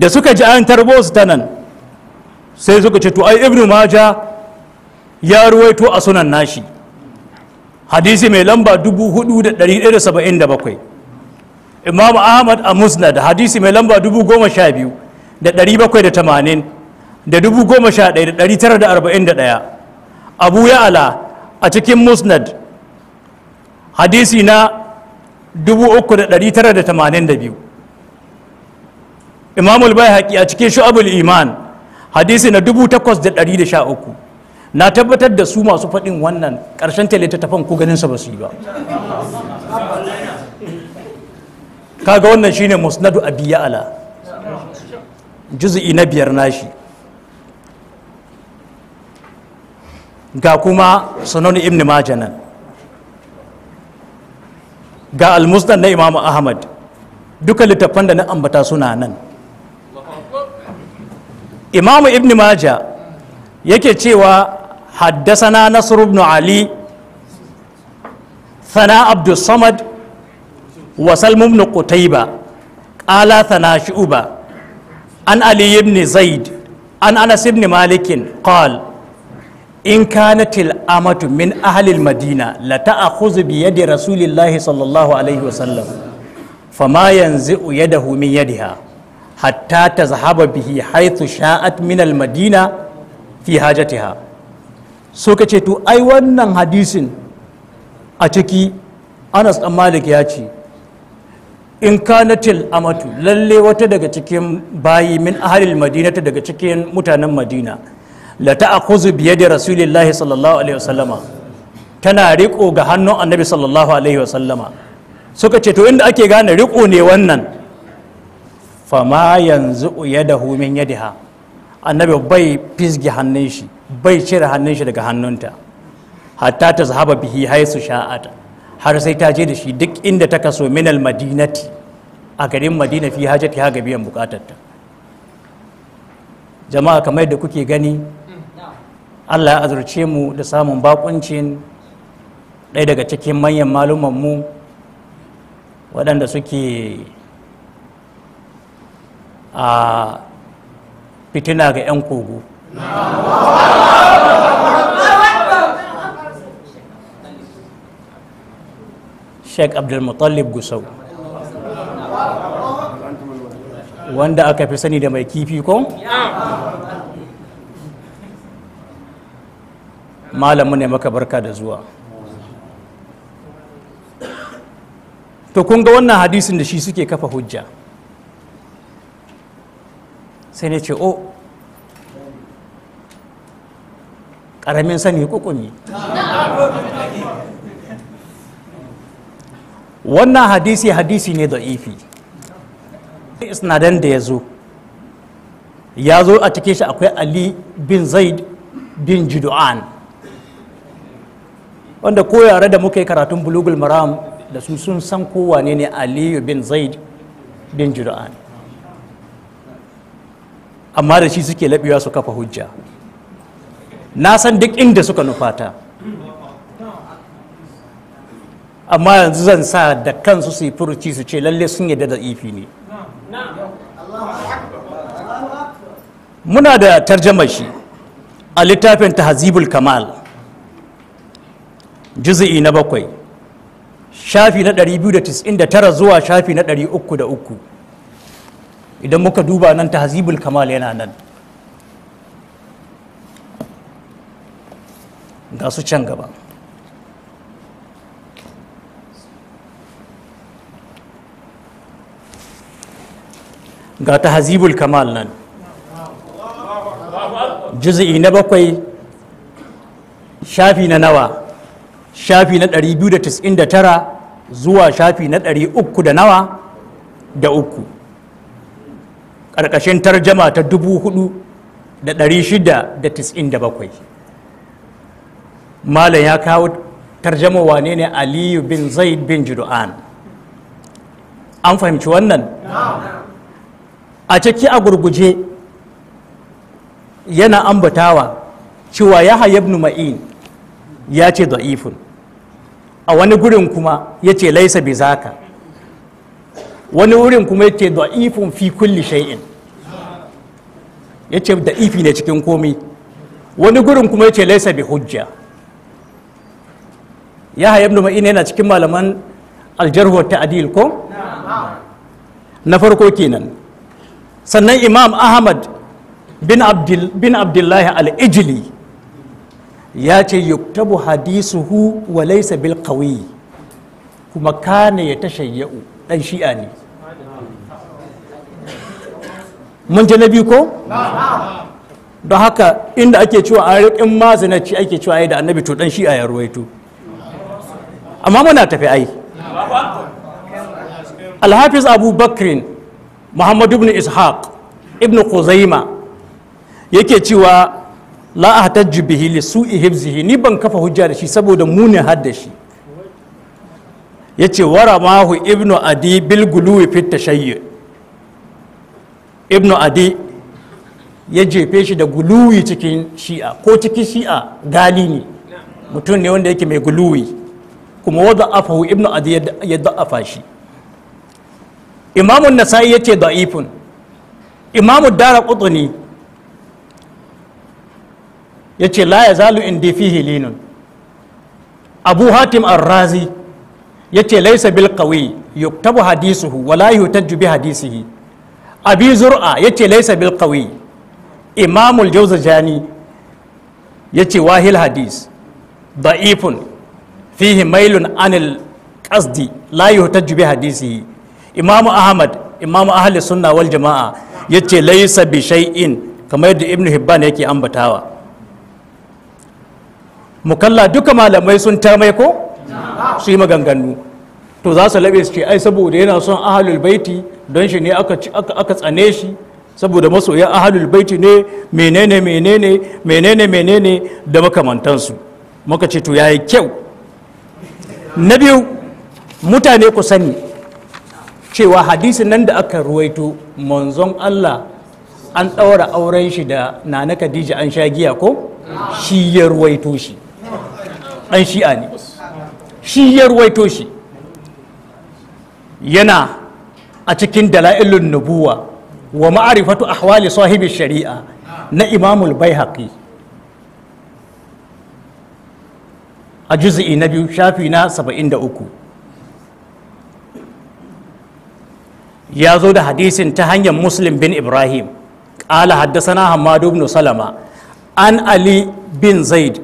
da suka ji an tarbo su ta nan sai suka ce to ai ibnu maja ya ruwaito a sunan nashi hadisi mai lamba 4177 imam ahmad a musnad hadisi mai lamba 12780 da bakwai da da da tara arba'in ɗaya. abu ya Ala a cikin musnad hadisi na dubu uku da da da tara tamanin biyu. imamul haƙi a cikin shu'abul iman hadisi na 8113 na tabbatar da su masu faɗin wannan ƙarshen ta ko ganin sa ba su yi ba kaga wannan shine musnadu abi ya'ala juz'i na biyar nashi ga kuma sunan ibn majanan ga al na imam ahmad duka littafan da na ambata suna nan imamu ibn maja yake cewa haddasana nasr ibn ali thana abdul samad wa salmu ibn qutayba qala thana shu'ba an ali ibn zaid an anas ibn malikin qal in kanat al-amatu min ahli al-madina la ta'khudhu bi yadi rasulillahi sallallahu alaihi wasallam fama yanzu yadahu min yadiha hatta ta zahaba bihi haithu sha'at min al-madina fi hajatiha so ce to ai wannan hadisin a ciki anas dan malik ya ce in kanatil amatu lalle wata daga cikin bayi min ahalil madinata daga cikin mutanen madina la ta'khuzu bi yadi rasulillahi sallallahu alaihi wasallama tana riko ga hannun annabi sallallahu alaihi wasallama suka ce to inda ake gane riko ne wannan fama yanzu yadahu min yadiha annabi bai fisge hannun shi bai cire hannun shi daga hannunta hatta ta zahaba bihi haisu sha'ata har sai ta je da shi duk inda ta kaso minal madinati a garin madina fi hajjati ha biyan bukatarta jama'a kamar da kuke gani allah ya azurce mu da samun bakuncin ɗaya daga cikin manyan malumanmu waɗanda suke a fitina ga 'yan kogo sheik abdulmutallib gusau wanda aka fi sani da mai kifi ko? malamu ne maka barka da zuwa to kun ga wannan hadisin da shi suke kafa hujja sai ne ce o ƙaramin sani kukumi wannan hadisi hadisi ne da ifi isnadan da ya zo ya zo a cikin shi akwai ali bin zaid bin jidu'an wanda ko yare da muka yi karatun bulugul maram da su sun san kowane ne aliyu bin zaid bin jidu'an amma da shi suke laɓewa su kafa hujja na san duk inda suka nufata amma yanzu zan sa da kansu su yi furuci su ce lalle sun yadda da ifi ne muna da tarjama shi a littafin tahzibul kamal juzi'i na bakwai shafi na 299 zuwa shafi na 303 idan muka duba nan hazibul kamal yana nan ga su can gaba ga hazibul kamal nan juz'i na bakwai shafi na nawa shafi na 299 zuwa shafi na 300 da nawa da uku ƙarƙashin tarjama ta dubu da da shida 4,697 malam ya kawo tarjama wane ne aliyu bin zaid bin judu'an an fahimci wannan a ciki a gurguje yana ambatawa cewa ya ibn ma'in ya ce da'ifun a wani gurin kuma ya ce laisa bi zaka wani wurin kuma yace da'ifun fi kulli shay'in yace da'ifi ne cikin komi wani gurin kuma yace laysa bi hujja ya hayab numa yana cikin malaman aljarhu wa ta'dil ko na farko kenan sannan imam ahmad bin abdul bin abdullahi al-ijli ya ce yuktabu hadisuhu wa laysa bil qawi kuma kana ya yau dan shi'a ne mun ji na biyu ko don haka inda ake cewa a rikin mazinaci ake cewa ai da annabi to dan shi a yarwaito amma muna tafi ai alhafiz abu bakrin Muhammadu ibn ishaq ibn kuzaima yake cewa la ahtajju bihi li su'i hibzihi ni ban kafa hujja da shi saboda munin ya wara waramahu Ibn adi bil guluwi fit tashayyu ibnu adi ya jefe shi da guluwi cikin shi'a ko cikin shi'a gali ne mutum ne wanda yake mai guluwi kuma wadda afahu ibnu adi ya da'afa shi imamun nasa'i ya ce da'ifun imamu dara kutuni ya ce la ya zalu inda fihi linun abu hatim ar-razi ya ce laisa bil qawi yuktabu hadisuhu wala yuhtajju bi hadisihi abi zur'a yace laisa bil qawi imamul ya yace wahil hadis da'ifun fihi mailun anil qasdi la yuhtaju bi hadisi. imamu ahmad imamu ahli sunna wal jama'a yace laisa bi shay'in kamar yadda ibnu hibban yake ambatawa mukalla duka malamai sun tarmai ko su yi maganganu to za su labe su ce ai saboda yana son ahalul baiti don shi ne aka tsane shi saboda masoya ahalul baiti ne menene menene menene menene da makamantansu muka ce to yayi kyau na biyu mutane ku sani cewa hadisi nan da aka ruwaito manzon Allah an ɗaura auren shi da nana Khadija an sha giya ko shi ya ruwaito shi an shi'a ne shi ya ruwaito shi yana a cikin dala'ilun nubuwa wa ma'arifatu ahwali sahibi shari'a na imamul bai a juzi'i na biyu shafi na 73 ya zo da hadisin ta hanyar muslim bin ibrahim ƙala haddasana hamadu ibn salama an ali bin zaid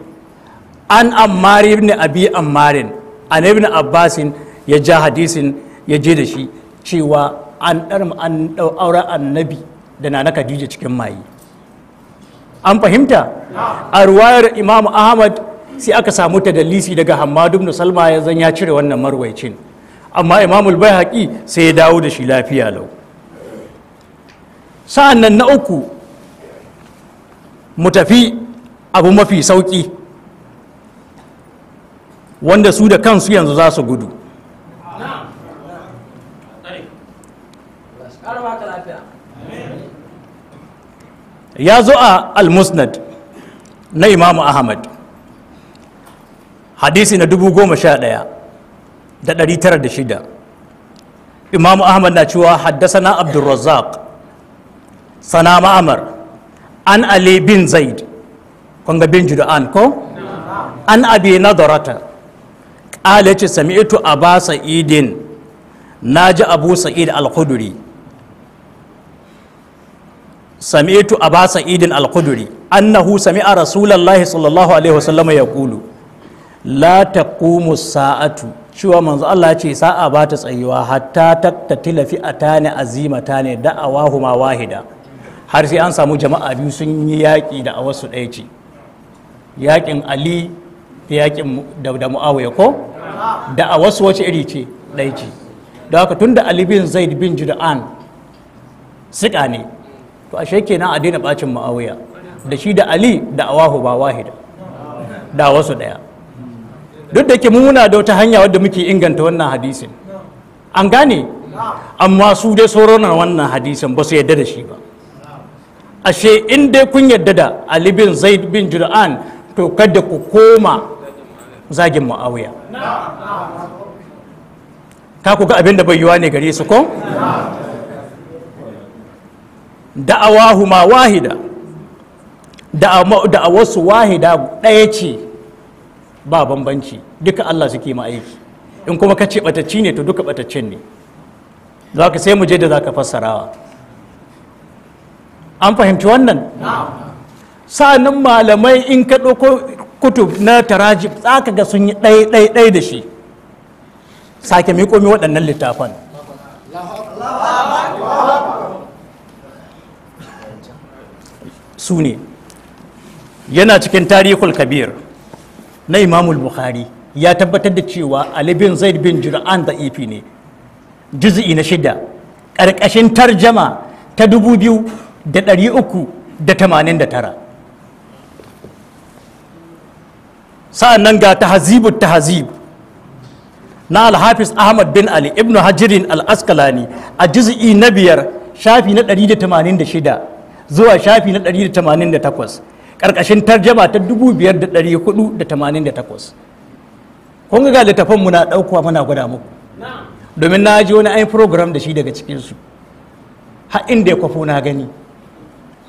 an ammari ibn abi ammarin an ibn abbasin ya ja hadisin ya je da shi cewa an ɗarma an auren annabi da na khadija cikin maye an fahimta a ruwayar imam ahmad sai aka samu ta dalisi daga hammadu ibn salma ya zan ya cire wannan marwaicin amma imamul bayhaqi sai ya dawo da shi lafiya lau sa'an nan na uku mu tafi abu mafi sauki wanda su da kansu yanzu za su gudu ya zo a al-musnad na imamu ahmad hadisi na dubu goma sha ɗaya da ɗari tara da shida imamu ahmad na cewa haddasana abdulrazzaq sana ma'amar an ali bin zaid kwanga bin an ko an abi ƙalace sami ce a ba sa'idin na ji abu sa'id al-khuduri sami'tu aba sa'id al-khudri annahu sami'a rasulullahi sallallahu alaihi ya kulu. la taqumu sa'atu cewa manzo Allah ce sa'a ba ta tsayuwa hatta tattatila ne da azimatani da'awahuma wahida har sai an samu jama'a biyu sun yi yaƙi da a wasu ɗaici. yaƙin ali da yaƙin da mu'awiya ko da a wasu wace iri ce ɗaici. da haka tun da ali bin zaid bin jid'an siƙa ne to ashe kenan a daina bacin ma'awiya da shi da ali da awahu ba wahida da wasu daya duk da ke muna da wata hanya wadda muke inganta wannan hadisin an gane amma su dai sauran wannan hadisin ba su yadda da shi ba ashe in dai kun yadda da ali bin zaid bin jura'an to kada ku koma zagin ma'awiya ka ku ga abin da bai yiwa ne gare su ko ma wahida wasu wahida ɗaya ce ba bambanci duka Allah suke ma aiki in kuma ka ce batacci ne to duka bataccen ne za ka sai mu je da za ka fassarawa an fahimci wannan nan malamai in ka ɗauko kutub na tarajib za ka ga sun yi ɗaya ɗaya da shi sake miƙo mi waɗannan littafan su ne yana cikin tarihul kabir na imamul bukhari ya tabbatar da cewa ali bin zaid bin jira'an da ifi ne juz'i na shida ƙarƙashin tarjama ta dubu biyu da ɗari uku da tamanin da tara sa'an nan ga tahazibu tahazib na alhafiz ahmad bin ali ibnu hajirin al-askalani a juz'i na biyar shafi na shida. zuwa shafi na 188 ƙarƙashin tarjama ta 5488 kun ga littafan muna ɗaukowa muna gwada muku domin na ji wani ayin program da shi daga cikinsu Haɗin da ya kwafo na gani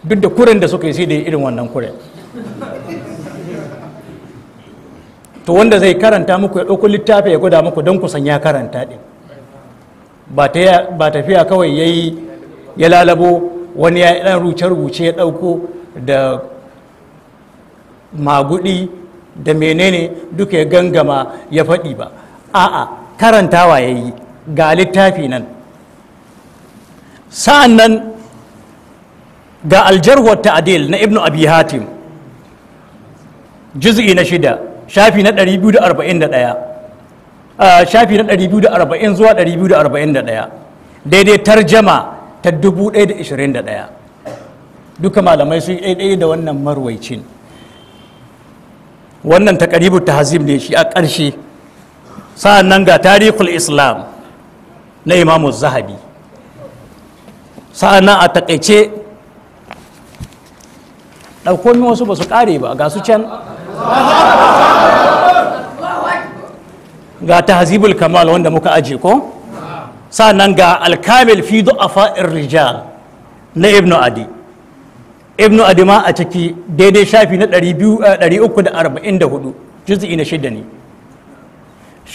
duk da kuren da suka yi sai da irin wannan kuren to wanda zai karanta muku ya ɗauko littafi ya gwada muku don kusan ya karanta ɗin ba tafiya kawai ya yi ya lalabo wani ya ɗan rubuce-rubuce ya ɗauko da magudi da menene duka ya gangama ya faɗi ba a'a karantawa ya yi ga littafi nan sa'an nan ga aljarwar ta'adil na ibnu abi hatim juz'i na shida shafi na 241 ah, shafi na 240 zuwa 241 daidai tarjama ta 1021 duka malamai sun ɗaiɗai da wannan marwaicin wannan ta karibu ta hazim ne shi a ƙarshe sa'an nan ga tarihul islam na imamu zahabi sa'an nan a taƙaice ɗaukomi wasu ba su ƙare ba ga su can ga ta hazibul kamal wanda muka aje ko? sannan ga alkamil fi du'afa'ir rijal na ibnu adi ibnu adi ma a ciki daidai shafi na 344 eh, juz'i na shida ne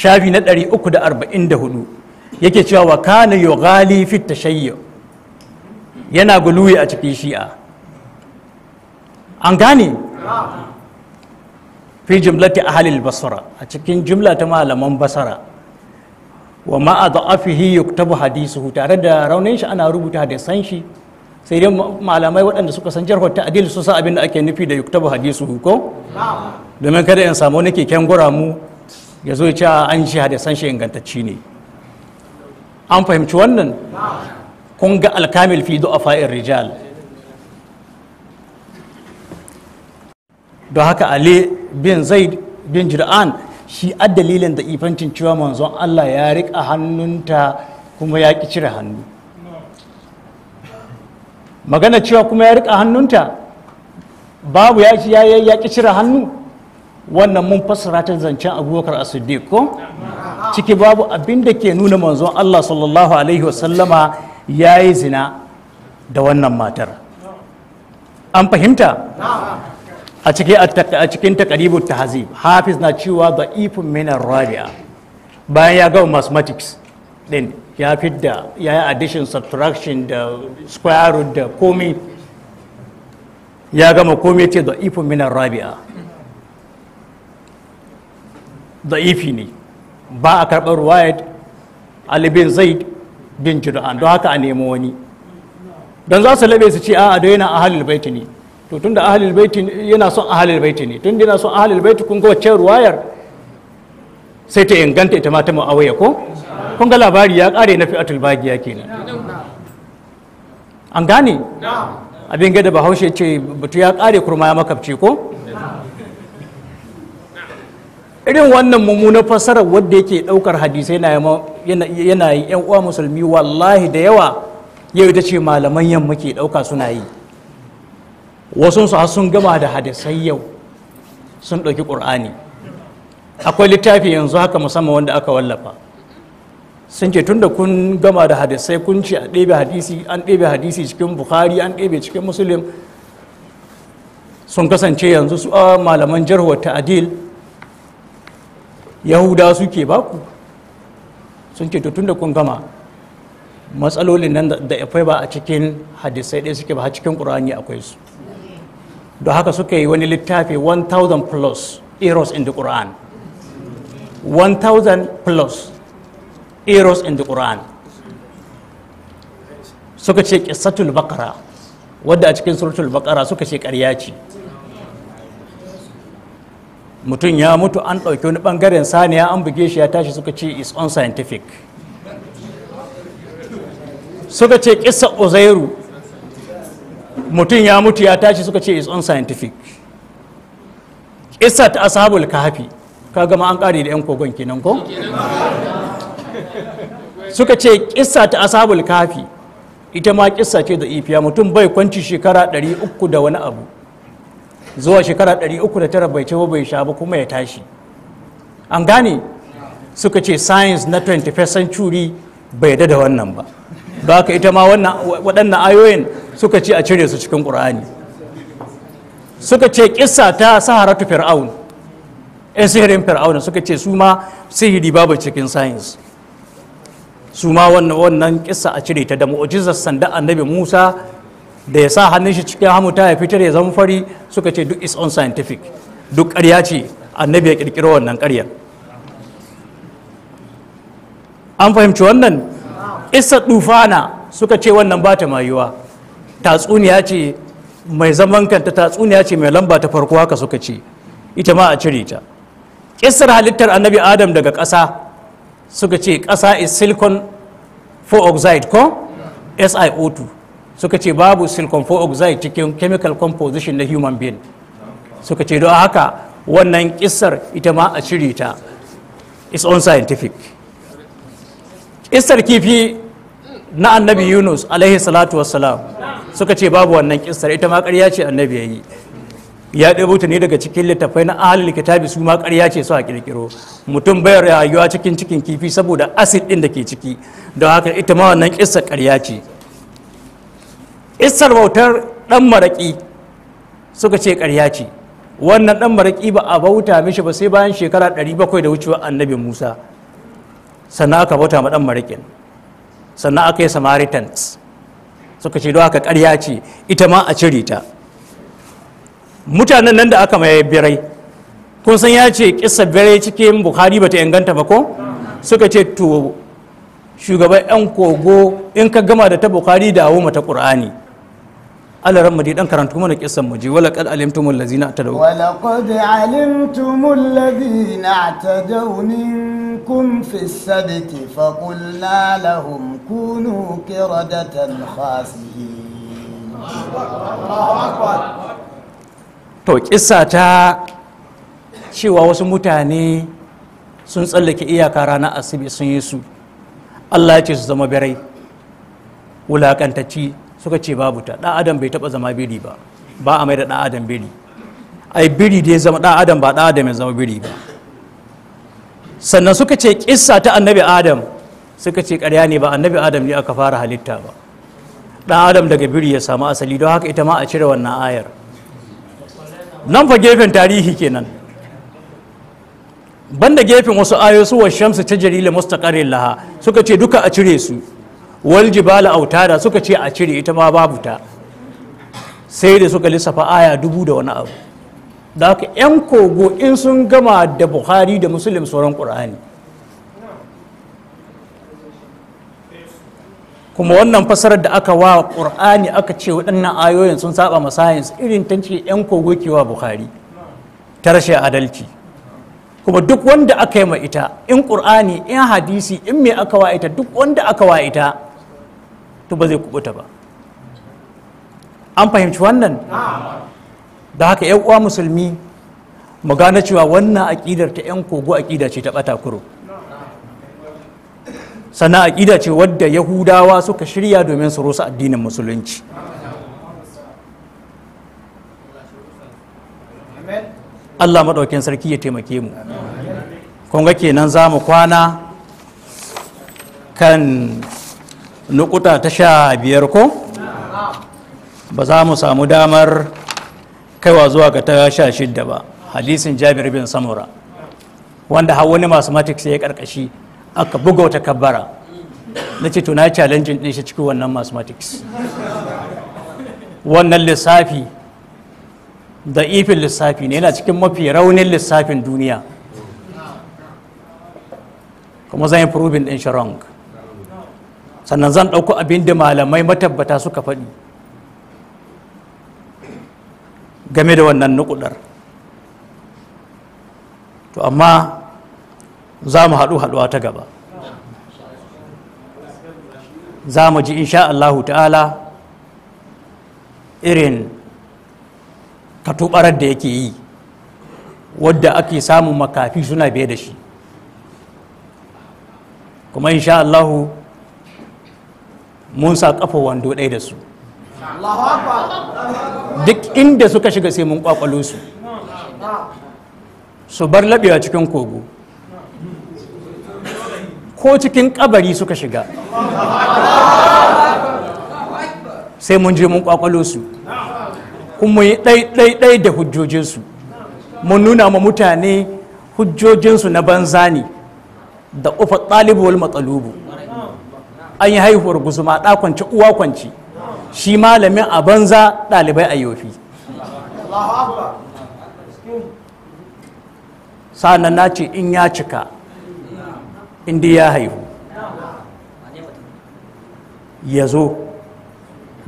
shafi na 344 yake cewa wa kana yughali fi tashayyu yana guluwi a cikin shi'a an gane fi jumlati ahli basra a cikin jumla ta malaman basara wa ma'a da'afihi yuktabu hadisuhu tare da raunin shi ana rubuta hadisan shi sai dai malamai waɗanda suka san jarhar ta'dil su sa abin da ake nufi da yuktabu hadisuhu ko domin kada in samu na keken gura mu ya zo ya an shi hadisan shi ingantacci ne an fahimci wannan kun ga alkamil fi du'afa'ir rijal don haka ali bin zaid bin jir'an shi a dalilin da ifancin cewa manzon Allah ya riƙa hannunta kuma ya ƙi cire hannu magana cewa kuma ya riƙa hannunta babu ya ci ya ƙi cire hannu wannan mun fassara ta zancen abubakar a ko ciki babu abin da ke nuna manzon Allah sallallahu alaihi wasallama ya yi zina da wannan matar an fahimta a cikin a cikin ta tahzib hafiz na cewa da ifin minar rabia bayan ya gama mathematics din ya fidda ya yi addition subtraction da square root da komi ya gama komi ce da ifin minar rabia ifi ne ba a karɓar wayad Ali bin Zaid bin jiru'an don haka a nemo wani don za su labe su ce a a daina ahlul baiti ne to tunda ahalil baiti yana son ahalil baiti ne tunda yana son ahalil baiti kun ga wacce ruwayar sai ta inganta ita mata ta muawiya ko kun ga labari ya kare na fi'atul bagiya kenan an gane abin gada bahaushe ce batu ya kare kurma ya makabci ko irin wannan mummunar fasarar wadda yake daukar hadisai na yana yan uwa musulmi wallahi da yawa yau ita ce malaman yamma ke dauka suna yi wasu su sun gama da hadisai yau sun ɗauki ƙur'ani akwai littafi yanzu haka musamman wanda aka wallafa sun ce tunda kun gama da hadisai kun ce a ɗebe hadisi an ɗebe hadisi cikin bukhari an ɗebe cikin musulun sun kasance yanzu su ah, malaman jarhuwar ta'adil yahuda suke baku sun ce tun da kun gama matsalolin nan da akwai ba a cikin hadisai ɗaya suke ba a cikin ƙur'ani akwai su da haka suka yi wani littafi 1000 plus eros in the Quran 1000 plus eros in the Quran suka ce kisatul bakara wadda a cikin suratul bakara suka ce karya ce mutum ya mutu an ɗauki wani ɓangaren saniya an buge shi ya tashi suka ce is unscientific suka ce kisa uzairu mutum ya mutu ya tashi suka ce is unscientific isa ta ashabul hafi ka gama an kare da yan kogon kenan ko suka ce kissa ta ashabul hafi ita ma kissa ce da ifiya mutum bai kwanci shekara 300 da wani abu zuwa shekara 309 bai ce bai sha ba kuma ya tashi an gane suka ce science na 21st century bai da wannan ba ba ka ita ma waɗannan ayoyin suka ce a cire su cikin ƙur'ani suka ce kissa ta saharatu fir'aun yan sihirin fir'aun suka ce su ma sihiri babu cikin sayins su ma wannan kissa a cire ta da mu'ujizar sanda annabi musa da ya sa hannun shi cikin hamuta ya fitar ya zama fari suka ce duk is unscientific duk ƙarya ce annabi ya ƙirƙiro wannan karya an fahimci wannan isa dufana suka ce wannan ba ta mayuwa tatsuniya ce mai zaman kanta tatsuniya ce mai lamba ta farko haka suka ce ita ma a cire ta kissar halittar annabi adam daga ƙasa suka ce ƙasa is silicon for oxide ko sio2 suka ce babu silicon for oxide cikin chemical composition na human being suka ce don haka wannan kissar ita ma a cire ta is unscientific kissar kifi na annabi yunus alaihi salatu wassalam suka ce babu wannan kissar ita ma ƙarya ce annabi ya yi ya ɗebo ta ne daga cikin littafai na ahalin kitabi su ma ƙarya ce su a ƙirƙiro mutum bai rayuwa cikin cikin kifi saboda asid ɗin da ke ciki don haka ita ma wannan kissar ƙarya ce kissar bautar ɗan maraƙi suka ce ƙarya ce wannan ɗan maraƙi ba a bauta mishi ba sai bayan shekara ɗari 700 da wucewa annabi musa sannan aka bauta ma ɗan maraƙin sannan aka yi samaritans suka ce aka karya ce ita ma a cire ta mutanen nan da aka maye birai kun san ya ce kisa birai cikin bukhari bata inganta ba ko suka ce to shugaban yan kogo in ka gama da ta bukhari dawo mata qur'ani alaran madi dan karantu mana kisan mu ji walaqad alimtumul ladina tadaw walaqad alimtumul ladina tadaw منكم في السبت فقلنا لهم كونوا كردة خاسئين to kissa ta cewa wasu mutane sun tsallake iyaka ranar asibi sun yi su Allah ya ce su zama birai wulakantacci suka ce babu ta ɗan adam bai taɓa zama biri ba ba a mai da ɗan adam biri ai biri da ya zama ɗan adam ba ɗan adam ya zama biri ba sannan suka ce kissa ta annabi adam suka ce ƙarya ne ba annabi adam ne aka fara halitta ba ɗan adam daga biri ya samu asali don haka ita ma a cire wannan ayar nan fa gefen tarihi kenan banda gefen wasu ayoyi su wa shamsu ta jarila mustaqarrin laha suka ce duka a cire su wal jibala autada suka ce a cire ita ma babu ta sai da suka lissafa aya dubu da wani abu da haka 'yan kogo in sun gama da buhari da musulun sauran ƙur'ani kuma wannan fasarar da aka wa ƙur'ani aka ce waɗannan ayoyin sun saba ma sayansu irin ta ce 'yan kogo ke wa buhari ta rashe adalci kuma duk wanda aka yi ma ita in ƙur'ani in hadisi in me aka wa ita duk wanda aka wa ita to ba zai kubuta ba an fahimci wannan da haka yan uwa musulmi mu gane cewa wannan aƙidar ta yan kogo aƙida ce ta ɓata kuro sannan aƙida ce wadda yahudawa suka shirya domin su rusa addinin musulunci Allah maɗaukin sarki ya taimake mu kun ga kenan za mu kwana kan nukuta ta sha biyar ko ba za mu samu damar kaiwa zuwa ga ta sha shidda ba hadisin jabir bin samura wanda har wani mathematics ya karkashi aka buga wata kabbara na ce tuna challenging din shi cikin wannan mathematics wannan lissafi da ifin lissafi ne yana cikin mafi raunin lissafin duniya kuma zan yi proving din shi wrong sannan zan ɗauko abin da malamai matabbata suka faɗi game da wannan nukudar to amma za mu haɗu haɗuwa ta gaba za mu ji insha Allahu ta'ala irin katubarar da yake yi wadda ake samun makafi suna biye da shi kuma insha Allahu mun sa kafa wando ɗaya da su duk inda suka shiga sai mun kwakwalo su su bar laɓewa cikin kogo ko cikin kabari suka shiga sai mun je mun kwakwalo su kuma yi ɗai-ɗai da hujjojinsu mun nuna ma mutane hujjojinsu na banza ne da ufa ɗalibuwar matsalubu an yi haihuwar guzuma ɗa kwanci uwa kwanci shi malamin a banza ɗalibai a yofi sa'an na ce in ya cika inda ya haihu ya zo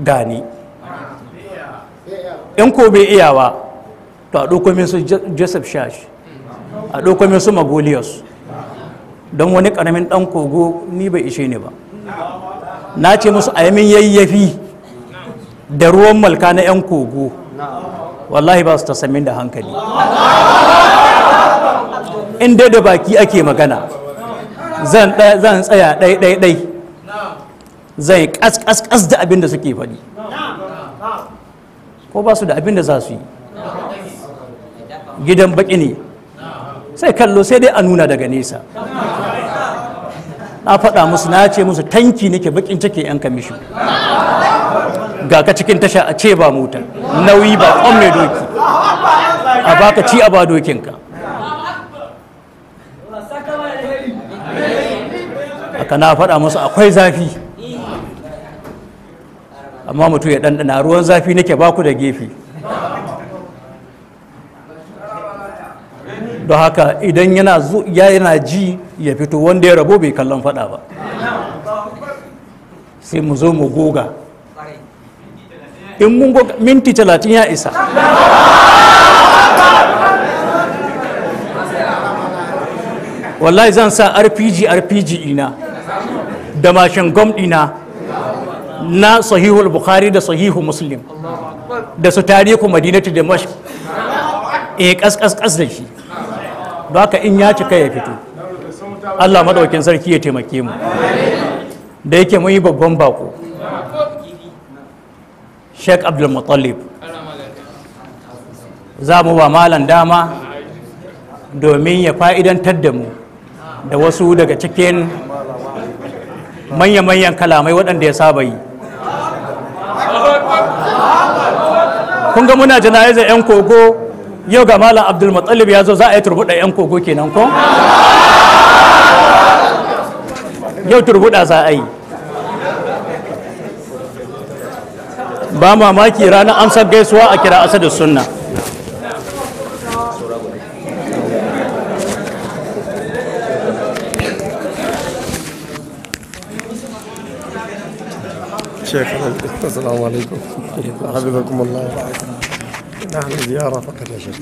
gani in ko bai iya ba to a ɗokomin su joseph shash a ɗokomin su magoliyos don wani ƙaramin ɗan kogo ni bai ishe ne ba na ce musu a yayyafi da ruwan malka na 'yan kogo wallahi ba su ta samin da hankali in dai da baki ake magana zan tsaya ɗai-ɗai-ɗai zai ƙasƙasƙas da abin da suke faɗi ko ba su da abin da za su yi gidan baƙi ne sai kallo sai dai a nuna daga nesa na faɗa musu na ce musu tanki nake bakin take yan kamishi ga ka cikin tasha a ce ba mota nauyi ba kwan mai doki a baka ci a ba dokinka haka na faɗa musu akwai zafi amma mutum ya ɗanɗana ruwan zafi nake baku da gefe don haka idan yana yana ji ya fito wanda ya rabo bai kallon fada ba sai mu zo mu goga in mun goga minti talatin ya isa wallahi zan sa rpg rpg ina da mashin gom ina na sahihul bukhari da sahihu muslim da su tarihu madinatu da mashi e eh, da shi don haka in ya cika ya fito Allah madaukin sarki ya taimake mu da yake mun yi babban bako Sheikh Abdul Muttalib za mu ba malam dama domin ya fa'idantar da mu da wasu daga cikin manya-manyan kalamai waɗanda ya saba yi kun ga muna jana'izar 'yan kogo yau ga malam abdul matsalib ya zo za a yi turbuɗa 'yan kogo kenan ko yau turbuɗa za a yi ba mamaki ranar amsar gaisuwa a kira asadu sunna شيخ السلام عليكم حفظكم الله نحن زيارة فقط يا شيخ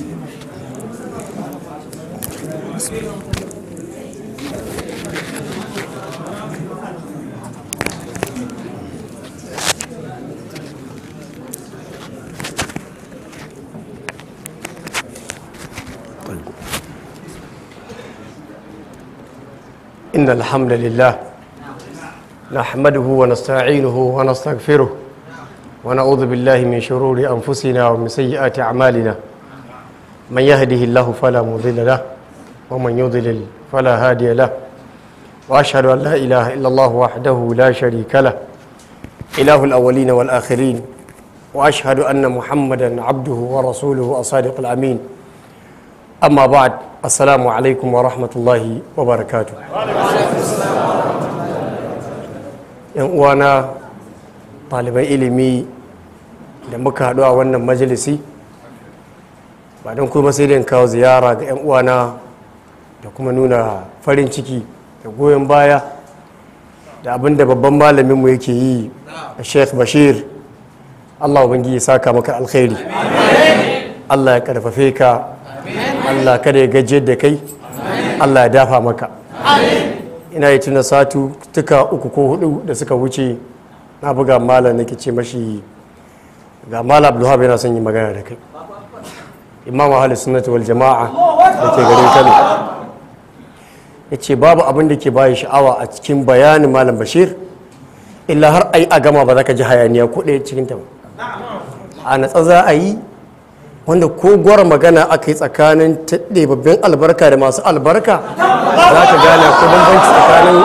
طيب. إن الحمد لله نحمده ونستعينه ونستغفره ونعوذ بالله من شرور أنفسنا ومن سيئات أعمالنا من يهده الله فلا مضل له ومن يضلل فلا هادي له وأشهد أن لا إله إلا الله وحده لا شريك له إله الأولين والآخرين وأشهد أن محمدا عبده ورسوله الصادق الأمين أما بعد السلام عليكم ورحمة الله وبركاته وعليكم السلام ورحمة الله وبركاته ɗaliban ilimi da muka haɗu a wannan majalisi ba don kuma sai da kawo ziyara ga 'yan uwana da kuma nuna farin ciki da goyon baya da abin da babban malaminmu yake yi a sheikh bashir allah ubangi ya saka maka alkhairi allah ya karfafe ka allah kada ya gajiyar da kai allah ya dafa maka ina yi tuna satu tuka uku ko hudu da suka wuce na buga malam nake ce mashi ga malam abdulhab yana son yi magana da kai imam ahalus sunnati wal jama'a da ke garin kano ya ce babu abin da ke bayi sha'awa a cikin bayanin malam bashir illa har ai a gama ba za ka ji hayaniya ko ɗaya cikin ta a natsa za a yi wanda ko gwara magana aka yi tsakanin taɗe babban albarka da masu albarka za ka gane ko bambanci tsakanin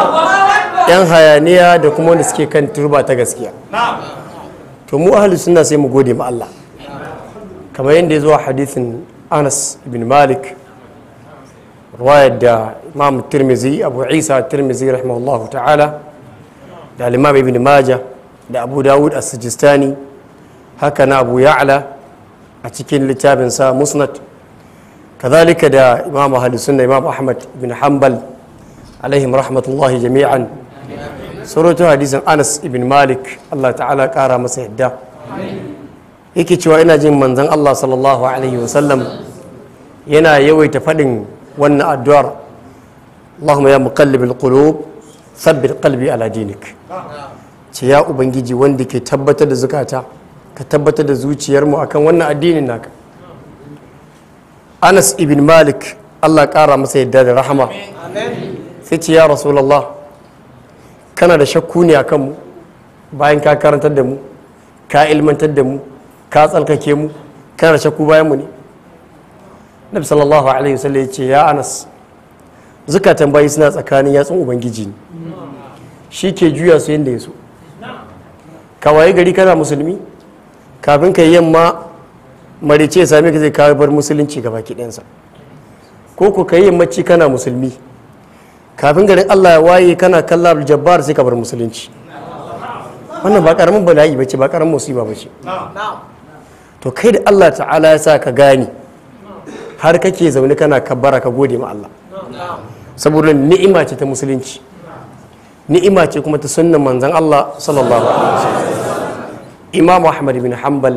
'yan hayaniya da kuma wanda suke kan turba ta gaskiya to mu ahli sunna sai mu gode ma Allah kamar yadda ya zo hadithin Anas bin Malik riwayar da Imam Tirmidhi Abu Isa Tirmizi rahimahullahu ta'ala da Imam Ibn Majah da Abu Dawud as-Sijistani haka na Abu Ya'la a cikin littafin sa Musnad kazalika da Imam Ahli Sunna Imam Ahmad bin Hanbal alaihim rahmatullahi jami'an sauranto hadisin anas ibn malik allah ta'ala kara masa yadda yake cewa ina jin manzan allah sallallahu alaihi wasallam yana yawaita faɗin wannan addu'ar allahumma ya muqallib alqulub thabbit qalbi ala dinik ce ya ubangiji wanda ke tabbatar da zukata ka tabbatar da zuciyarmu akan wannan addinin naka anas ibn malik allah kara masa yadda da rahama sai ce ya rasulallah kana da shakku ne a kanmu bayan ka karantar da mu ka ilmantar da mu ka tsalkake mu kana da shakku bayan mu ne nabi sallallahu alaihi wasallam ya ce ya anas zukatan bayi suna tsakanin yatsun ubangiji ne shi ke juya su yadda ya so ka waye gari kana musulmi kafin ka yi yamma marice ya same ka zai kawo bar musulunci gaba ki ɗansa ko ku ka yi yammaci kana musulmi kafin garin Allah ya waye kana kallar jabbar sai ka bar musulunci wannan ba karamin bala'i bace ba karamin musiba bace to kai da Allah ta'ala ya sa ka gane har kake zaune kana kabbara ka gode ma Allah saboda ni'ima ce ta musulunci ni'ima ce kuma ta sunnan manzon Allah sallallahu alaihi wasallam Imam Ahmad bin Hanbal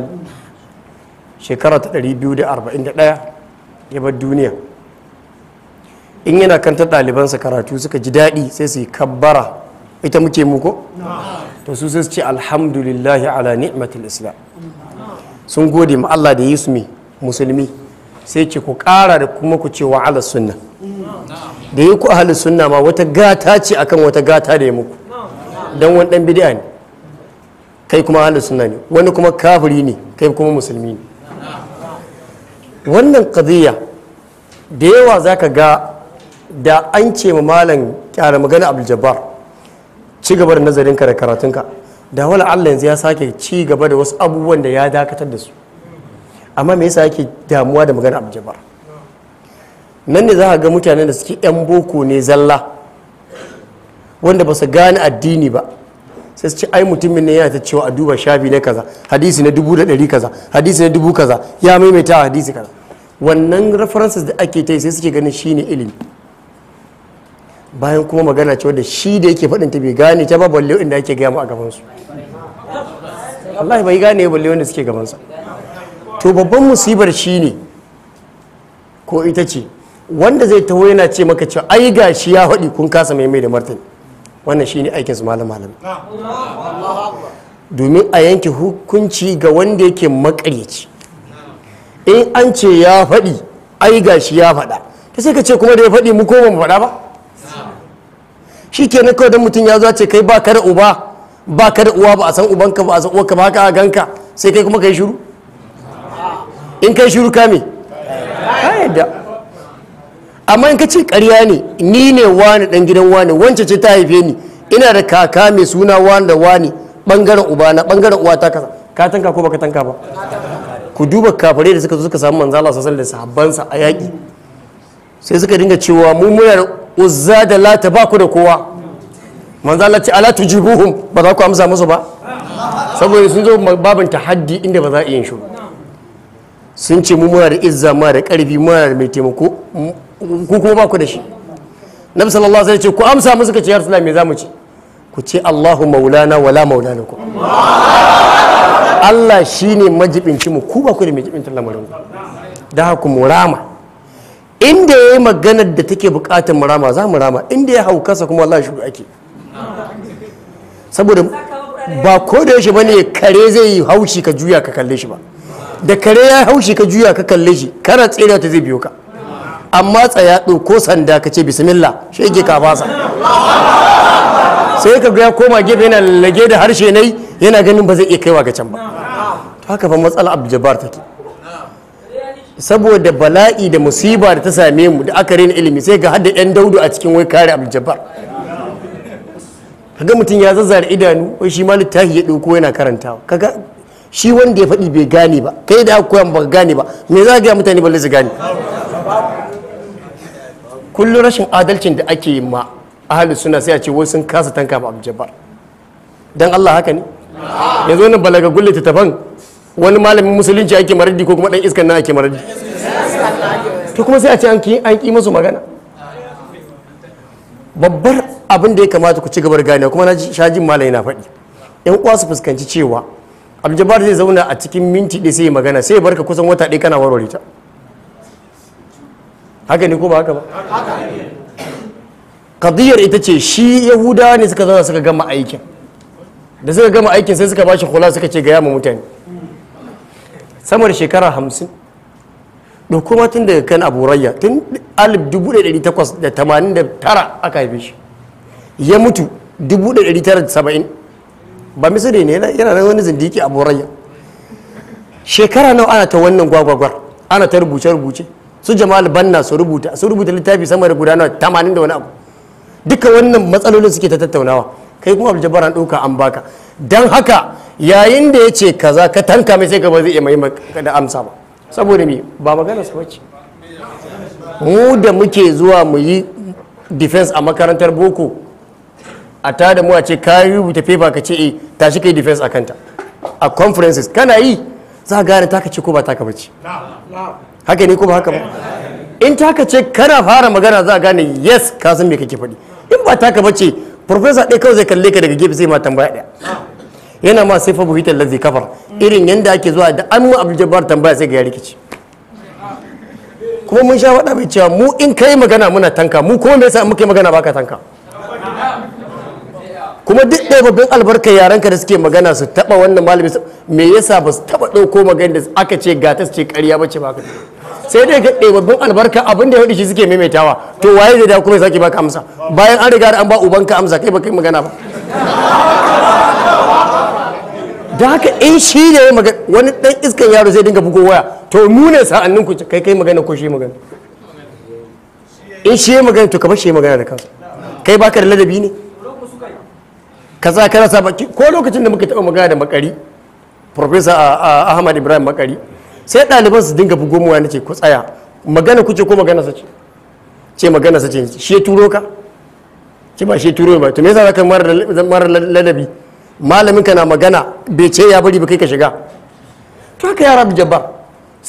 shekara ta 241 ya bar duniya in yana ta ɗalibansa karatu suka ji daɗi sai su yi kabbara ita muke muku to su sai su ce alhamdulillahi ala ni'matul islam sun gode ma Allah da yi musulmi sai ce ku ƙara da kuma ku ce wa ala sunna da yi ku ahalus sunna ma wata gata ce akan wata gata da ya muku don wani ɗan bidi'a ne kai kuma ahalus sunna ne wani kuma kafiri ne kai kuma musulmi ne wannan kaziyya da yawa za ka ga da an ce ma malam kyara magana abu jabbar ci gaba da nazarinka da karatunka da wala allah yanzu ya sake ci gaba da wasu abubuwan da ya dakatar da su amma me yasa yake damuwa da magana abu jabbar nan ne za ka ga mutanen da suke yan boko ne zalla wanda ba su gane addini ba sai su ce ai mutumin ne yana ta cewa a duba shafi na kaza hadisi na dubu da ɗari kaza hadisi na dubu kaza ya maimaita hadisi kaza wannan references da ake ta yi sai suke ganin shine ilimi bayan kuma magana ce wadda shi da yake faɗin ta bai gane ta ba balle inda yake gaya mu a gabansu wallahi bai gane balle wanda suke gabansa to babban musibar shi ne ko ita ce wanda zai taho yana ce maka cewa ai ga shi ya faɗi kun kasa mai mai da martani wannan shi aikin su malam malam domin a yanke hukunci ga wanda yake makaryaci in an ce ya faɗi ai gashi ya faɗa ta sai ka ce kuma da ya faɗi mu ko ba mu faɗa ba shi ke kawai don mutum ya zo ce kai ba ka da uba ba ka da uwa ba a san ubanka ba a san ka ba haka a ganka sai kai kuma kai shiru in kai shiru ka me da amma in ka ce ƙarya ne ni ne wani dan gidan wani wancan ce ta haife ni ina da kaka mai suna wani da wani bangaren ubana bangaren uwa ta kasa ka tanka ko baka tanka ba ku duba kafare da suka zo suka samu manzala sasal da sa a yaƙi sai suka dinga cewa mu muna uzza da lata ba ku da kowa manzo Allah ce ala tujibuhum ba za ku amsa musu ba saboda sun zo babin tahaddi inda ba za a yin shi sun ce mu muna da izza ma da karfi muna da mai taimako ku kuma ba ku da shi nabi sallallahu alaihi wasallam ce ku amsa musu kace ya rasulullah me zamu ce ku ce Allahu maulana wala maulana ku Allah shine majibinci mu ku ba ku da majibin lamarin ku da haka mu inda ya yi maganar da take bukatar murama za mu rama inda ya haukasa kuma Allah shi ake saboda ba ko da yaushe bane kare zai yi haushi ka juya ka kalle shi ba da kare ya haushi ka juya ka kalle shi kana tsira ta zai biyo ka amma tsaya ko sanda ka ce bismillah shi ka fasa sai ka ga koma gefe yana lage da harshe nai yana ganin ba zai iya kaiwa ga can ba haka fa matsala abdu jabbar take saboda bala'i da musiba da ta same mu da aka rena ilimi sai ga hada yan daudu a cikin wai kare abdul kaga mutum ya zazzara idanu wai shi ma littafi ya dauko yana karantawa kaga shi wanda ya faɗi bai gane ba kai da aka koya baka gane ba me za ga mutane balle su gane kullum rashin adalcin da ake ma ahli suna sai a ce wai sun kasa tanka ba abdul dan Allah haka ne yanzu wannan ta taban wani malamin musulunci ake maradi ko kuma dan iskan na ake maradi to kuma sai a ce an ki masu magana babbar abin da ya kamata ku ci gabar gane kuma na shajin malai na faɗi yan uwa su fuskanci cewa abjabar zai zauna a cikin minti ɗaya sai magana sai barka kusan wata ɗaya kana warware ta haka ne ko ba haka ba kadiyar ita ce shi yahudawa ne suka zauna suka gama aikin da suka gama aikin sai suka bashi hula suka ce ga ma mutane sama da shekara hamsin ɗauko ma tun daga kan da tamanin tun 1889 aka haife shi ya mutu 1970 ba misali ne yana nan wani zindiki abu shekara nawa ana ta wannan gwagwagwar ana ta rubuce-rubuce su jama'al banna su rubuta su rubuta littafi sama da guda nawa 80 da wani abu duka wannan matsalolin suke ta tattaunawa kai kuma abu jabaran ɗauka an baka don haka yayin da ya ce kaza ka tanka mai sai gaba zai iya da amsa ba saboda me ba magana su bace mu da muke zuwa mu yi defense a makarantar boko a ta da mu a ce ka rubuta paper ka ce eh tashi kai defense a kanta a conferences kana yi za gane taka ce ko ba taka bace haka ne ko ba haka ba in taka ce kana fara magana za gane yes ka san me kake faɗi in ba taka bace professor ɗaya kawai zai kalle ka daga gefe sai ma tambaya ɗaya yana ma sai fa buhitar lazi kafar irin yanda ake zuwa da an mu abu jabbar tambaya sai ga yari kici kuma mun sha waɗa mai cewa mu in kai magana muna tanka mu kuma me yasa muka yi magana baka tanka kuma duk ɗaya babban albarka yaranka da suke magana su taɓa wannan malami me yasa ba su taɓa ɗauko magana da aka ce ga su ce ƙarya ba ce ba sai dai ɗaya babban albarka abin da ya shi suke maimaitawa to waye zai da kuma sake baka amsa bayan an riga da an ba ubanka amsa kai ba kai magana ba da haka in shi ne wani dan iskan yaro zai dinga bugo waya to mu ne sa'annin ku kai kai magana ko shi magana in shi magana to ka bar shi magana da kansa kai baka da ladabi ne ka sa kana sa baki ko lokacin da muka taɓa magana da makari professor ah, ah, ahmad ibrahim makari sai ɗaliban su dinga bugo waya nace ku tsaya magana kuce ko magana sace ce magana sace shi ya turo ka ce ba shi turo ba to me yasa zaka mara ladabi malamin ka na magana bai ce ya bari ba kai ka shiga to haka yara bi jabbar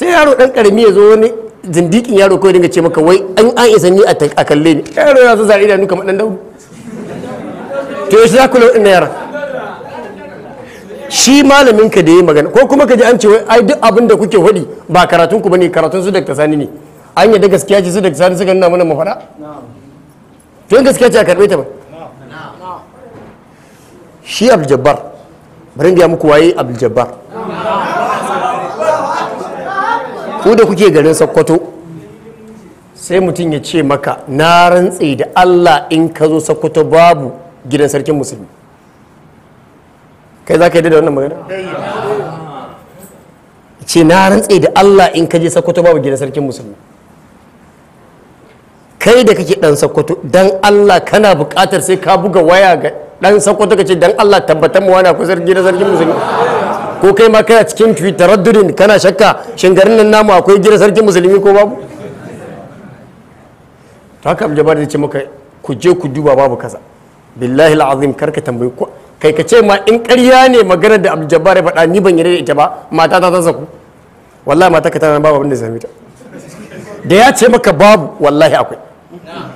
sai yaro dan karami ya zo wani zindikin yaro kawai dinga ce maka wai an an isa ni a kalle ni yaro ya so zare idanu kamar dan daudu to yaushe za ku lau ina yara shi malamin ka da ya magana ko kuma ka ji an ce wai ai duk abin da kuke faɗi ba karatun ku bane karatun su dakta sani ne an yadda gaskiya ce su dakta sani suka nuna mana mafada faɗa to gaskiya ce a karɓe ta ba shi abdul-jabbar bari gaya muku waye abdul-jabbar ku da kuke garin sakkwato sai mutum ya ce maka na rantse da allah in ka zo sakkwato babu gidan sarkin musulmi kai za ka yi da wannan magana ce na rantse da allah in ka je sakkwato babu gidan sarkin musulmi kai da kake dan sakkwato don allah kana bukatar sai ka buga waya ga dan ka ce dan Allah tabbatar mu wani akwai sarki na sarkin musulmi ko kai ma kana cikin twitter taraddudin kana shakka shin garin nan namu akwai gidan sarkin musulmi ko babu to haka jabar da ce maka ku je ku duba babu kaza billahi alazim ka tambayi ko kai ka ce ma in ƙarya ne maganar da abdul jabbar ya faɗa ni ban yarda da ita ba mata ta zaku wallahi mata ka tana babu abin da zai ta da ya ce maka babu wallahi akwai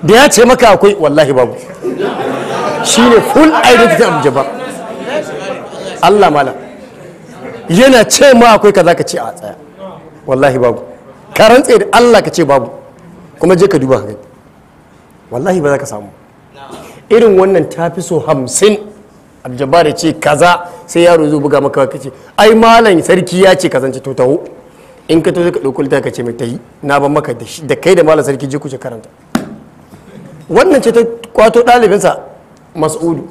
da ya ce maka akwai wallahi babu shine full identity of jabar Allah malam yana ce ma akwai kaza ka ce a tsaya wallahi babu ka rantse da Allah ka ce babu kuma je ka duba ka wallahi ba za ka samu irin wannan ta fi so hamsin aljabar ya ce kaza sai yaro zo buga maka ka ce ai malam sarki ya ce kazance to taho in ka to ka ɗauko littafi ka ce mai tahi na ban maka da kai da malam sarki je ku karanta wannan ce ta kwato ɗalibinsa mas'udu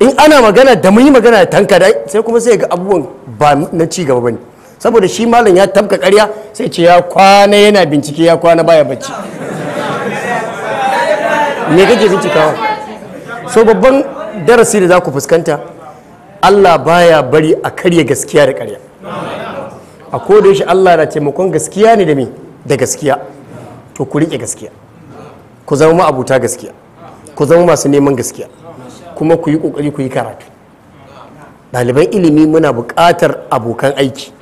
in ana magana da mun yi magana da tanka da sai kuma sai ga abubuwan ba na ci gaba bane saboda shi malam ya tabka karya sai ce ya kwana yana bincike ya kwana baya bacci me kake bincikawa so babban darasi da za ku fuskanta allah baya bari a karya gaskiya da karya a shi allah na taimakon gaskiya ne da me da gaskiya to ku riƙe gaskiya ku zama abuta gaskiya ku zama masu neman gaskiya kuma ku yi kokari ku yi karatu ɗaliban ilimi muna buƙatar abokan aiki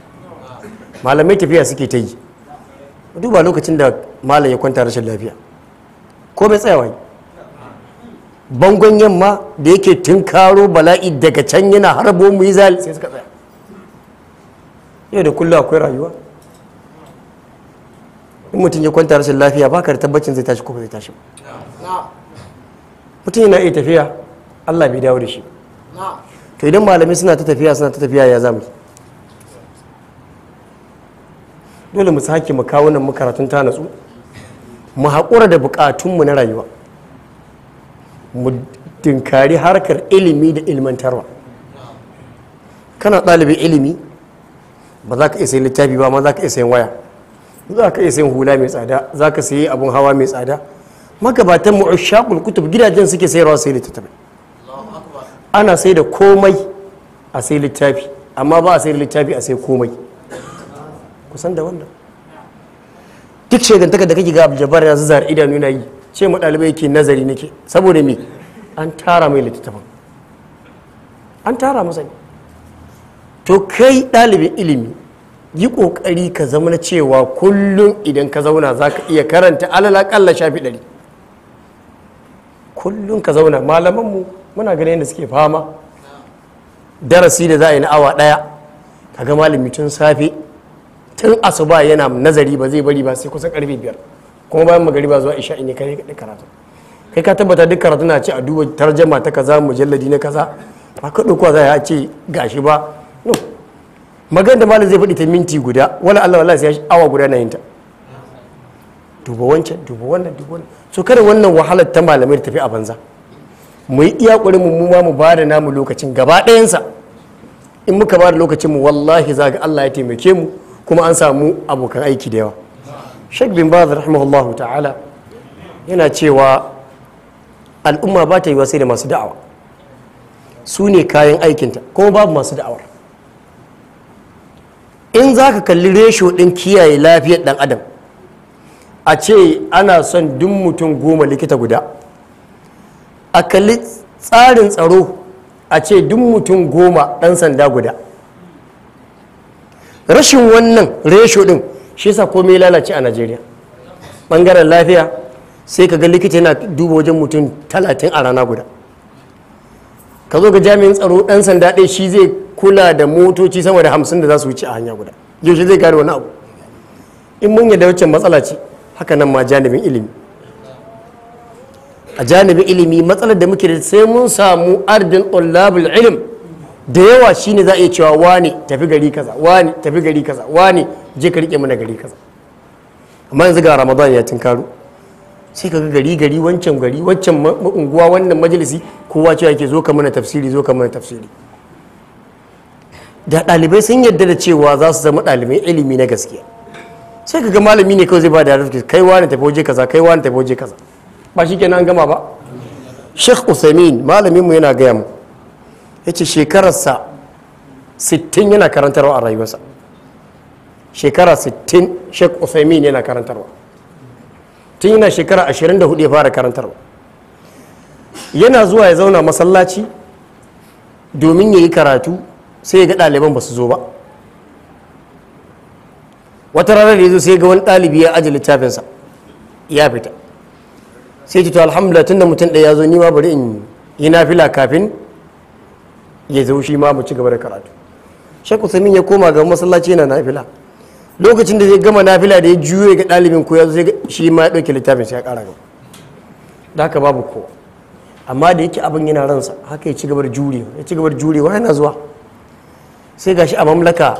malamai tafiya suke ta yi duba lokacin da malam ya kwanta rashin lafiya ko bai tsayawa bangon yamma da yake tunkaro bala'i daga can yana harbo mu yi sai suka tsaya yau da kullum akwai rayuwa in mutum ya kwanta rashin lafiya ba ka da tabbacin zai tashi ko ba zai tashi ba mutum yana iya tafiya allah bai dawo da shi to idan malamai suna ta tafiya suna ta tafiya ya zamu dole mu sake mu kawo nan makaratun ta natsu mu haƙura da buƙatunmu na rayuwa mu dinkari harkar ilimi da ilmantarwa kana ɗalibin ilimi ba za ka iya sayan littafi ba ma za ka iya sayan waya za ka iya sayan hula mai tsada za ka sayi abun hawa mai tsada magabatan mu ushaqul kutub gidajen suke sayarwa sai littafi ana sai da komai a sai littafi amma ba a sai littafi a sai komai kusan da wannan duk shegantaka da kake ga abjabar ya zazzara idanu na yi ce mu ɗalibai yake nazari nake saboda me an tara mai littattafan an tara masa ne to kai ɗalibin ilimi yi ƙoƙari ka zama na cewa kullum idan ka zauna za ka iya karanta alalakalla shafi ɗari kullum ka zauna malamanmu muna ganin yadda suke fama darasi da za a yi na awa ɗaya kaga malami tun safe tun asuba yana nazari ba zai bari ba sai kusan karfe biyar kuma bayan magariba zuwa isha ne kai kaɗai karatu kai ka tabbata duk karatu na ce a duba tarjama ta kaza mujalladi na kaza ba ka dauko za a ce gashi ba no magan da malam zai faɗi ta minti guda wala Allah wallahi sai awa guda na yinta duba wancan duba wannan duba wannan so kada wannan wahalar ta malamai da tafi a banza mu yi iya ƙuri mu ma mu bada namu lokacin gaba ɗayansa in muka bada lokacin mu wallahi zaga Allah ya taimake mu kuma an samu abokan aiki da yawa Sheikh bin Baz rahimahullah ta'ala yana cewa al'umma ba ta yi wasai da masu da'awa su ne kayan aikinta kuma babu masu da'awar in za ka kalli resho ɗin kiyaye lafiyar ɗan adam a ce ana son duk mutum goma likita guda a kalli tsarin tsaro a ce duk mutum goma ɗan sanda guda rashin wannan resho ɗin shi sa komai lalace a najeriya ɓangaren lafiya sai ka ga likita yana duba wajen mutum talatin a rana guda ka zo ga jami'in tsaro ɗan sanda ɗaya shi zai kula da motoci sama da hamsin da za su wuce a hanya guda Yau shi zai gane wani abu in mun yadda wacce matsala ce haka nan ma janibin ilimi a janibin ilimi matsalar da muke da sai mun samu ardin ɗullabul ilim da yawa shine za a iya cewa wani tafi gari kaza wani tafi gari kaza wani je ka rike mana gari kaza amma yanzu ga ramadan ya tinkaro sai ka ga gari gari wancan gari wancan unguwa wannan majalisi kowa cewa ke zo ka mana tafsiri zo ka mana tafsiri da ɗalibai sun yarda da cewa za su zama ɗalibai ilimi na gaskiya sai ka ga malami ne kawai zai ba da rufki kai wani tafi waje kaza kai wani tafi waje kaza ba shi kenan an gama ba sheikh usaimin malamin mu yana gaya mu ya ce shekararsa 60 yana karantarwa a rayuwarsa shekara 60 sheikh usaimin yana karantarwa tun yana shekara 24 ya fara karantarwa yana zuwa ya zauna masallaci domin ya yi karatu sai ya ga ɗaliban ba su zo ba wata rana da ya zo sai ga wani ɗalibi ya aji littafinsa ya fita sai ce to alhamdulillah tunda mutum ɗaya ya zo ni ma bari in yi nafila kafin ya zo shi ma mu ci gaba da karatu shakku samin ya koma ga masallaci yana nafila lokacin da zai gama nafila da ya juye ga ɗalibin ko ya zo shi ma ya ɗauke littafin sai ya ƙara gaba da haka babu ko amma da yake abin yana ransa haka ya ci gaba da jurewa ya ci gaba da jurewa yana zuwa sai gashi a mamlaka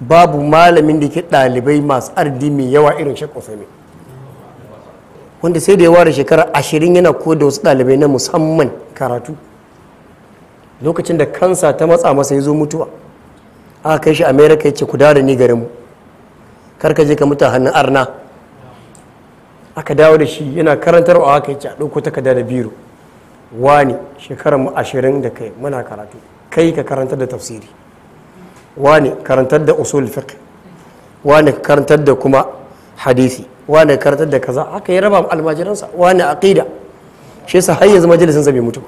babu malamin da ke ɗalibai masu ardi mai yawa irin shek sami wanda sai da ya ware shekara ashirin yana ko da wasu ɗalibai na musamman karatu lokacin da kansa ta matsa masa ya zo mutuwa aka kai shi amerika ya ce ku da ni garinmu karka je ka mutu hannun arna aka dawo da shi yana karantar wa aka yi a ɗauko takarda da biro wani shekarar mu ashirin da kai muna karatu kai ka karantar da tafsiri wani karantar da usul fiqh karantar da kuma hadisi wani karantar da kaza haka ya raba almajiransa wani aqida shi yasa har yanzu majalisin sa bai mutu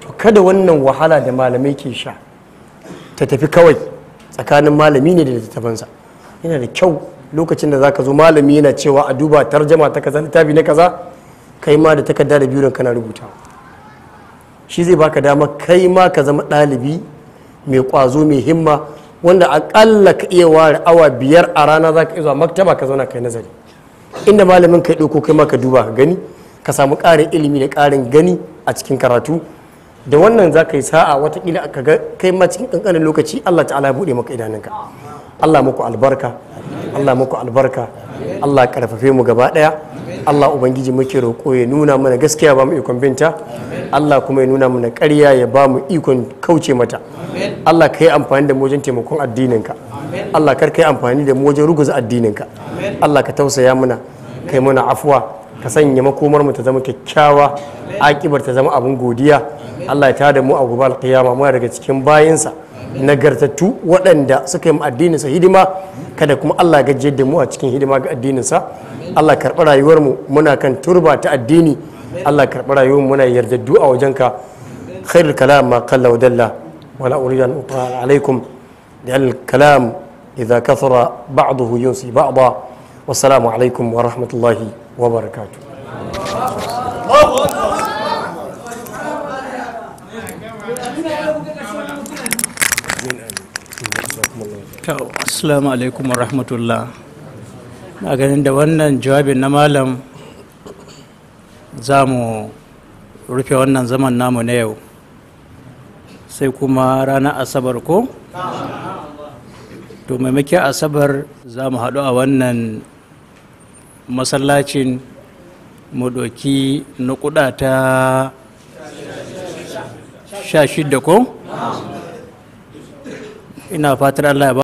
to kada wannan wahala da malamai ke sha ta tafi kawai tsakanin malami ne da littattafansa yana da kyau lokacin da zaka zo malami yana cewa a duba tarjama ta kaza littafi na kaza kai ma da takarda da biyu kana rubuta shi zai baka dama kai ma ka zama ɗalibi mai kwazo mai himma wanda akalla ka iya ware awa biyar a rana za ka iya zuwa maktaba ka zauna kai nazari inda malamin ka ɗauko kai ma ka duba ka gani ka samu ƙarin ilimi da ƙarin gani a cikin karatu da wannan za ka yi sa'a watakila ka ga kai ma cikin ƙanƙanin lokaci allah ta'ala ya buɗe maka idanunka allah muku albarka allah muku albarka allah karfafe mu gaba ɗaya Allah ubangiji muke roƙo ya nuna mana gaskiya ba mu ikon binta Allah kuma ya nuna mana ƙarya ya ba mu ikon kauce mata Allah ka yi amfani da mu wajen taimakon addininka Allah kar ka yi amfani da mu wajen ruguza addininka Allah ka tausaya mana kai mana afuwa ka sanya makomar mu ta zama kyakkyawa akibar ta zama abin godiya Allah ya tada mu a gobe alƙiyama mu daga cikin bayinsa nagartattu waɗanda suka yi addininsa hidima kada kuma Allah gajiyar da mu a cikin hidima ga addininsa Allah karɓi rayuwar mu muna kan turba ta addini Allah karɓi rayuwar muna yardaddu a wajenka khairul kalam ma qalla wa dalla wala uridu an utala alaikum al kalam idza kathara ba'dahu yunsi ba'da wassalamu alaikum wa rahmatullahi wa barakatuh assalamu alaikum rahmatullah na ganin da wannan jawabin na malam za mu rufe wannan zaman namu na yau sai kuma ranar asabar ko? to maimakon asabar za mu haɗu a wannan masallacin mu ɗauki na kuɗa ta sha shidda ko? ina fatar allah ya